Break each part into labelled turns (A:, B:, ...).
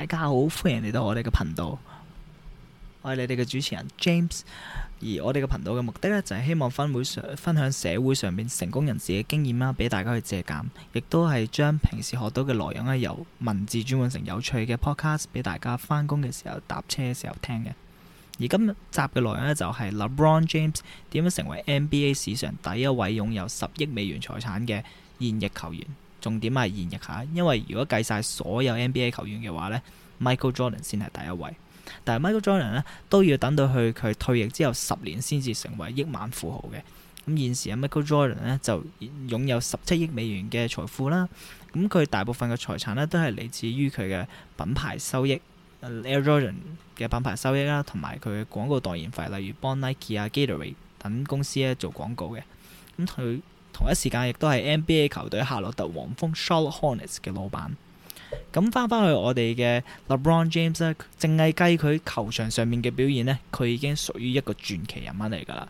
A: 大家好，歡迎嚟到我哋嘅頻道，我係你哋嘅主持人 James，而我哋嘅頻道嘅目的呢，就係希望分會上分享社會上面成功人士嘅經驗啦，俾大家去借鑒，亦都係將平時學到嘅內容呢，由文字轉換成有趣嘅 podcast 俾大家返工嘅時候搭車嘅時候聽嘅。而今集嘅內容呢，就係 LeBron James 點樣成為 NBA 史上第一位擁有十億美元財產嘅現役球員。重點係現役下，因為如果計晒所有 NBA 球員嘅話咧，Michael Jordan 先係第一位。但係 Michael Jordan 咧都要等到去佢退役之後十年先至成為億萬富豪嘅。咁現時啊，Michael Jordan 咧就擁有十七億美元嘅財富啦。咁佢大部分嘅財產咧都係嚟自於佢嘅品牌收益、L、，Air Jordan 嘅品牌收益啦，同埋佢嘅廣告代言費，例如幫 Nike 啊、Gatorade 等公司咧做廣告嘅。咁佢同一時間，亦都係 NBA 球隊夏洛特黃蜂 Charlotte Hornets 嘅老闆、啊。咁翻返去我哋嘅 LeBron James 咧，淨係計佢球場上面嘅表現呢，佢已經屬於一個傳奇人物嚟噶啦。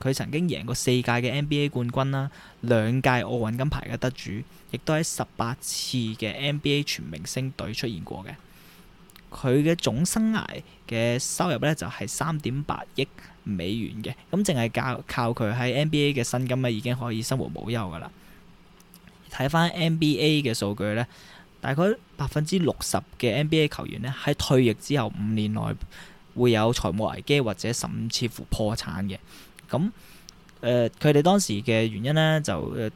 A: 佢曾經贏過四屆嘅 NBA 冠軍啦、啊，兩屆奧運金牌嘅得主，亦都喺十八次嘅 NBA 全明星隊出現過嘅。佢嘅總生涯嘅收入呢，就係三點八億美元嘅，咁淨係靠靠佢喺 NBA 嘅薪金咧，已經可以生活無憂噶啦。睇翻 NBA 嘅數據呢，大概百分之六十嘅 NBA 球員咧喺退役之後五年內會有財務危機或者甚至乎破產嘅。咁佢哋當時嘅原因呢，就、呃、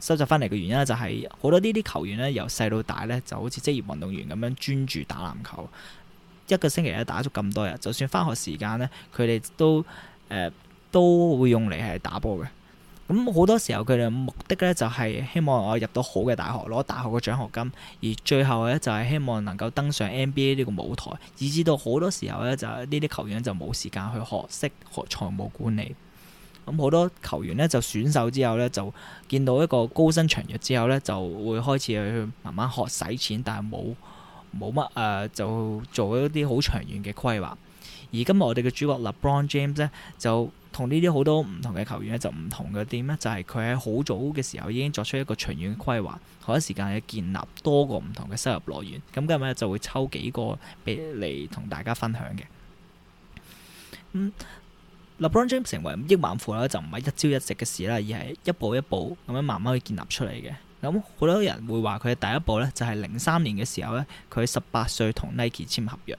A: 收集翻嚟嘅原因就係好多呢啲球員呢，由細到大呢，就好似職業運動員咁樣專注打籃球。一個星期咧打足咁多日，就算返學時間咧，佢哋都誒、呃、都會用嚟係打波嘅。咁好多時候佢哋目的咧就係希望我入到好嘅大學攞大學嘅獎學金，而最後咧就係希望能夠登上 NBA 呢個舞台，以至到好多時候咧就呢啲球員就冇時間去學識學財務管理。咁好多球員咧就選秀之後咧就見到一個高薪長約之後咧就會開始去慢慢學使錢，但係冇。冇乜誒，就做了一啲好長遠嘅規劃。而今日我哋嘅主角 LeBron James 咧，就同呢啲好多唔同嘅球員咧，就唔同嘅點咧，就係佢喺好早嘅時候已經作出一個長遠嘅規劃，同一時間去建立多個唔同嘅收入來源。咁今日就會抽幾個俾嚟同大家分享嘅。嗯，LeBron James 成為億萬富翁就唔係一朝一夕嘅事啦，而係一步一步咁樣慢慢去建立出嚟嘅。咁好多人會話佢嘅第一步咧，就係零三年嘅時候咧，佢十八歲同 Nike 簽合約。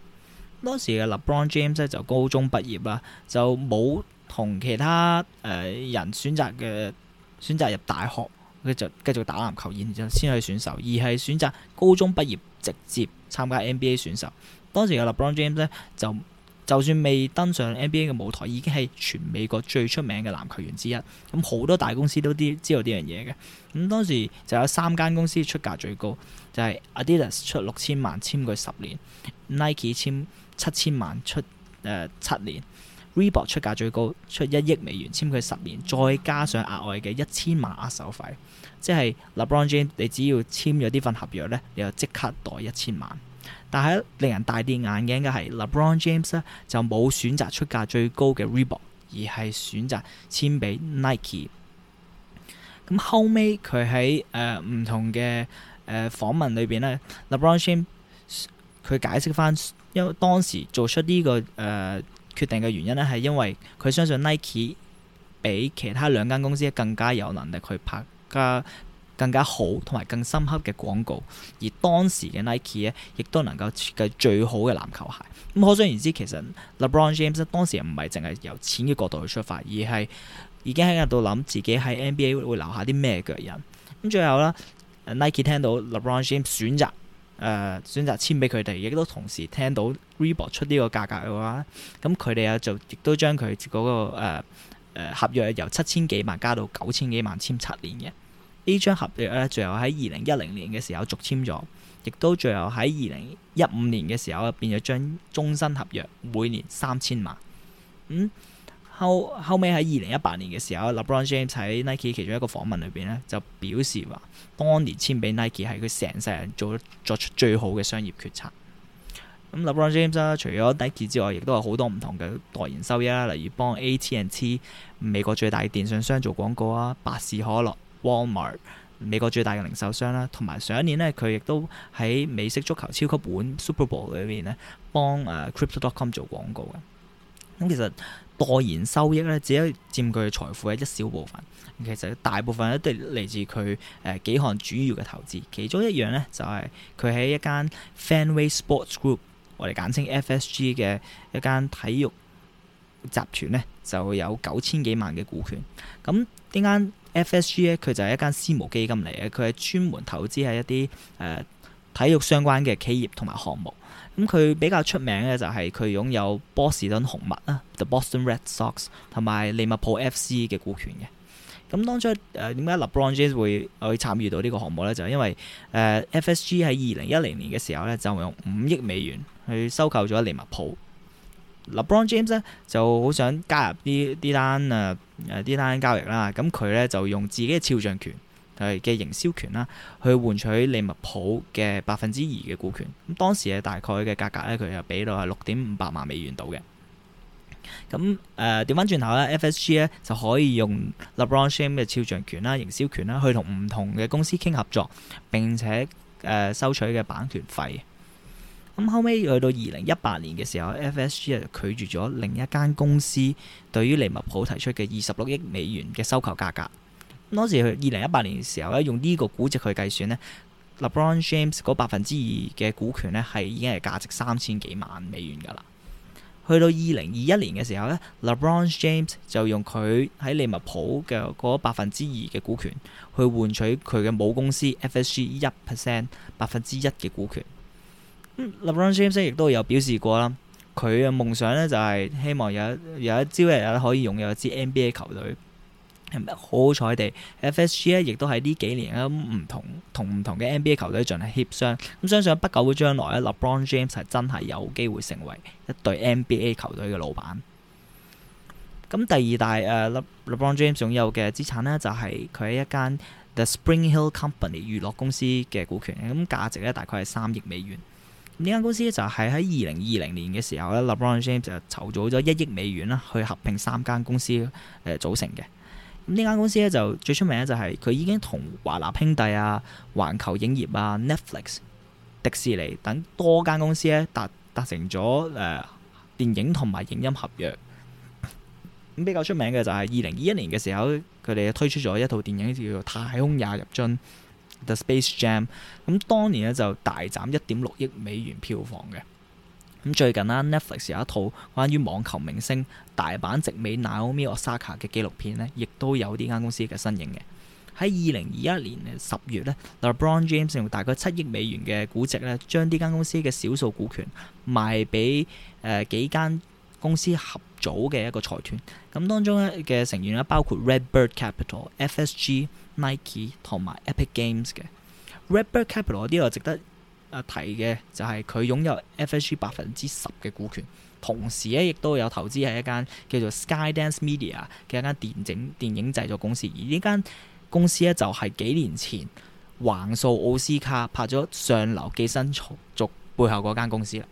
A: 當時嘅 LeBron James 咧，就高中畢業啦，就冇同其他誒人選擇嘅選擇入大學，繼續繼續打籃球，然之後先去選秀，而係選擇高中畢業直接參加 NBA 選秀。當時嘅 LeBron James 咧就。就算未登上 NBA 嘅舞台，已經係全美國最出名嘅籃球員之一。咁好多大公司都知知道呢樣嘢嘅。咁當時就有三間公司出價最高，就係、是、Adidas 出六千萬簽佢十年，Nike 簽七千萬出誒七、呃、年，Reebok 出價最高出一億美元簽佢十年，再加上額外嘅一千萬握手費。即係 LeBron James，你只要簽咗呢份合約呢，你就即刻袋一千萬。但係令人大跌眼鏡嘅係 LeBron James 咧，就冇選擇出價最高嘅 Reebok，而係選擇簽俾 Nike。咁後尾，佢喺誒唔同嘅誒、呃、訪問裏邊咧，LeBron James 佢解釋翻，因為當時做出呢、這個誒、呃、決定嘅原因咧，係因為佢相信 Nike 比其他兩間公司更加有能力去拍加。啊更加好同埋更深刻嘅廣告，而當時嘅 Nike 咧，亦都能夠設計最好嘅籃球鞋。咁可想而知，其實 LeBron James 當時唔係淨係由錢嘅角度去出發，而係已經喺度諗自己喺 NBA 會留下啲咩腳印。咁最後啦，Nike 聽到 LeBron James 選擇誒、呃、選擇簽俾佢哋，亦都同時聽到 Reebok 出呢個價格嘅話，咁佢哋啊就亦都將佢嗰個誒、呃呃、合約由七千幾萬加到九千幾萬簽，簽七年嘅。呢張合約咧，最後喺二零一零年嘅時候續簽咗，亦都最後喺二零一五年嘅時候變咗張終身合約，每年三千萬。嗯，後後尾喺二零一八年嘅時候，LeBron James 喺 Nike 其中一個訪問裏邊咧，就表示話，當年簽俾 Nike 係佢成世人做作出最好嘅商業決策。咁 LeBron James 啦，除咗 Nike 之外，亦都有好多唔同嘅代言收益啦，例如幫 AT&T 美國最大嘅電信商做廣告啊，百事可樂。Walmart 美國最大嘅零售商啦，同埋上一年咧，佢亦都喺美式足球超級碗 Super Bowl 裏邊咧，幫誒、啊、Crypto.com 做廣告嘅。咁、嗯、其實代言收益咧，只係佔佢財富嘅一小部分，其實大部分都係嚟自佢誒、呃、幾項主要嘅投資，其中一樣咧就係佢喺一間 Fenway Sports Group，我哋簡稱 FSG 嘅一間體育集團咧，就有九千幾萬嘅股權。咁呢間 F.S.G 咧，佢就係一間私募基金嚟嘅，佢係專門投資係一啲誒、呃、體育相關嘅企業同埋項目。咁、嗯、佢比較出名嘅就係佢擁有波士頓紅襪啦，The Boston Red Sox，同埋利物浦 F.C. 嘅股權嘅。咁當初誒點、呃、解 LeBron James 會去參與到呢個項目咧？就係因為誒 F.S.G 喺二零一零年嘅時候咧，就會用五億美元去收購咗利物浦。LeBron James 咧就好想加入啲啲單啊誒啲單交易啦，咁佢咧就用自己嘅肖像權誒嘅、呃、營銷權啦，去換取利物浦嘅百分之二嘅股權。咁當時嘅大概嘅價格咧，佢就俾到係六點五百萬美元度嘅。咁誒調翻轉頭咧，FSG 咧就可以用 LeBron James 嘅肖像權啦、營銷權啦，去同唔同嘅公司傾合作，並且誒、呃、收取嘅版權費。咁後尾去到二零一八年嘅時候 FSG 啊拒絕咗另一間公司對於利物浦提出嘅二十六億美元嘅收購價格。咁當時佢二零一八年嘅時候咧，用呢個估值去計算呢 LeBron James 嗰百分之二嘅股權咧，係已經係價值三千幾萬美元㗎啦。去到二零二一年嘅時候呢 LeBron James 就用佢喺利物浦嘅嗰百分之二嘅股權去換取佢嘅母公司 FSG 一 percent 百分之一嘅股權。LeBron James 亦都有表示過啦，佢嘅夢想咧就係希望有一有一朝日可以擁有一支 NBA 球隊。好彩地，FSG 亦都喺呢幾年咁唔同同唔同嘅 NBA 球隊進行協商。咁相信不久嘅將來 l e b r o n James 係真係有機會成為一隊 NBA 球隊嘅老闆。咁第二大誒、uh,，Le b r o n James 擁有嘅資產呢，就係佢喺一間 The Spring Hill Company 娛樂公司嘅股權，咁價值大概係三億美元。呢間公司就係喺二零二零年嘅時候咧，LeBron James 就籌咗咗一億美元啦，去合併三間公司誒、呃、組成嘅。咁呢間公司咧就最出名咧就係佢已經同華納兄弟啊、環球影業啊、Netflix、迪士尼等多間公司咧達達成咗誒、呃、電影同埋影音合約。比較出名嘅就係二零二一年嘅時候，佢哋推出咗一套電影叫做《太空也入樽》。The Space Jam，咁當年咧就大賺一點六億美元票房嘅。咁最近咧，Netflix 有一套關於網球明星大阪直美 Naomi Osaka 嘅紀錄片咧，亦都有呢間公司嘅身影嘅。喺二零二一年十月咧，LeBron James 用大概七億美元嘅估值咧，將呢間公司嘅少數股權賣俾誒、呃、幾間公司合組嘅一個財團，咁當中嘅成員咧包括 RedBird Capital、FSG、Nike 同埋 Epic Games 嘅。RedBird Capital 呢個值得啊提嘅，就係佢擁有 FSG 百分之十嘅股權，同時咧亦都有投資喺一間叫做 Skydance Media 嘅一間電影電影製作公司，而呢間公司咧就係幾年前橫掃奧斯卡拍咗《上流寄生族》背後嗰間公司啦。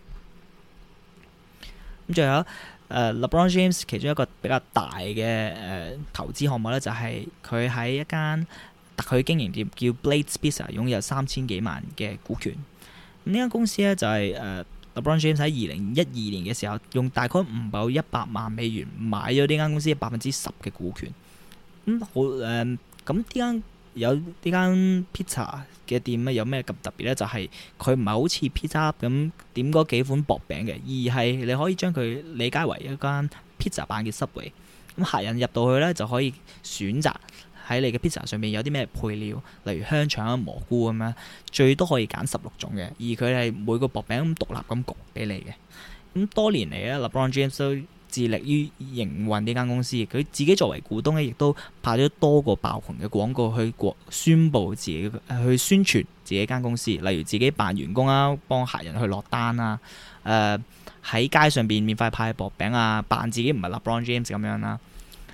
A: 咁仲有。誒、uh, LeBron James 其中一個比較大嘅誒、uh, 投資項目咧，就係佢喺一間特許經營店叫 Blaze Pizza 擁有三千幾萬嘅股權。呢間公司咧就係、是、誒、uh, LeBron James 喺二零一二年嘅時候，用大概唔夠一百萬美元買咗呢間公司百分之十嘅股權。咁、嗯、好誒，咁呢間。有呢間 pizza 嘅店咧，有咩咁特別咧？就係佢唔係好似 pizza 咁點嗰幾款薄餅嘅，而係你可以將佢理解為一間 pizza 版嘅 subway。咁客人入到去咧，就可以選擇喺你嘅 pizza 上面有啲咩配料，例如香腸啊、蘑菇咁樣，最多可以揀十六種嘅。而佢係每個薄餅咁獨立咁焗俾你嘅。咁多年嚟咧，LeBron James 致力於營運呢間公司，佢自己作為股東咧，亦都拍咗多個爆紅嘅廣告去宣佈自己，去宣傳自己間公司。例如自己扮員工啊，幫客人去落單啊，喺、呃、街上邊免費派薄餅啊，扮自己唔係 LeBron James 咁樣啦、啊。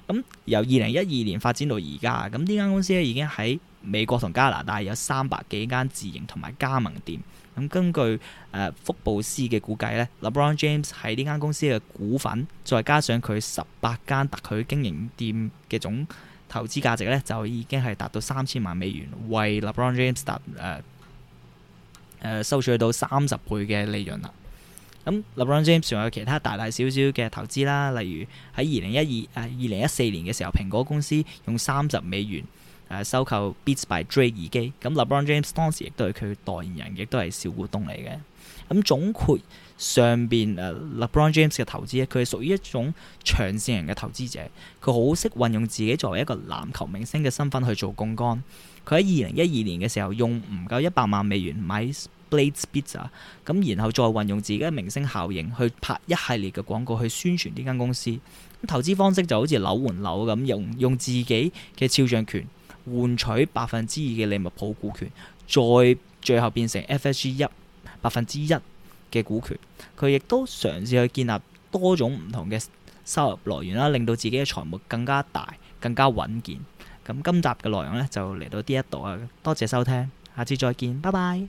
A: 咁由二零一二年發展到而家，咁呢間公司咧已經喺美國同加拿大有三百幾間自營同埋加盟店。咁根據誒福布斯嘅估計咧，LeBron James 喺呢間公司嘅股份，再加上佢十八間特許經營店嘅總投資價值咧，就已經係達到三千萬美元，為 LeBron James 達誒誒收取到三十倍嘅利潤啦。咁 LeBron James 仲有其他大大小小嘅投資啦，例如喺二零一二、誒二零一四年嘅時候，蘋果公司用三十美元誒收購 Beats by Dre 耳機，咁 LeBron James 當時亦都係佢代言人，亦都係小股東嚟嘅。咁總括上邊誒、啊、LeBron James 嘅投資咧，佢係屬於一種長線型嘅投資者，佢好識運用自己作為一個籃球明星嘅身份去做槓桿。佢喺二零一二年嘅時候用唔夠一百萬美元買。Blaze Pizza 咁，然後再運用自己嘅明星效應去拍一系列嘅廣告去宣傳呢間公司。投資方式就好似樓換樓咁，用用自己嘅肖像權換取百分之二嘅利物浦股權，再最後變成 FSG 一百分之一嘅股權。佢亦都嘗試去建立多種唔同嘅收入來源啦，令到自己嘅財務更加大，更加穩健。咁今集嘅內容呢就嚟到呢一度啊，多謝收聽，下次再見，拜拜。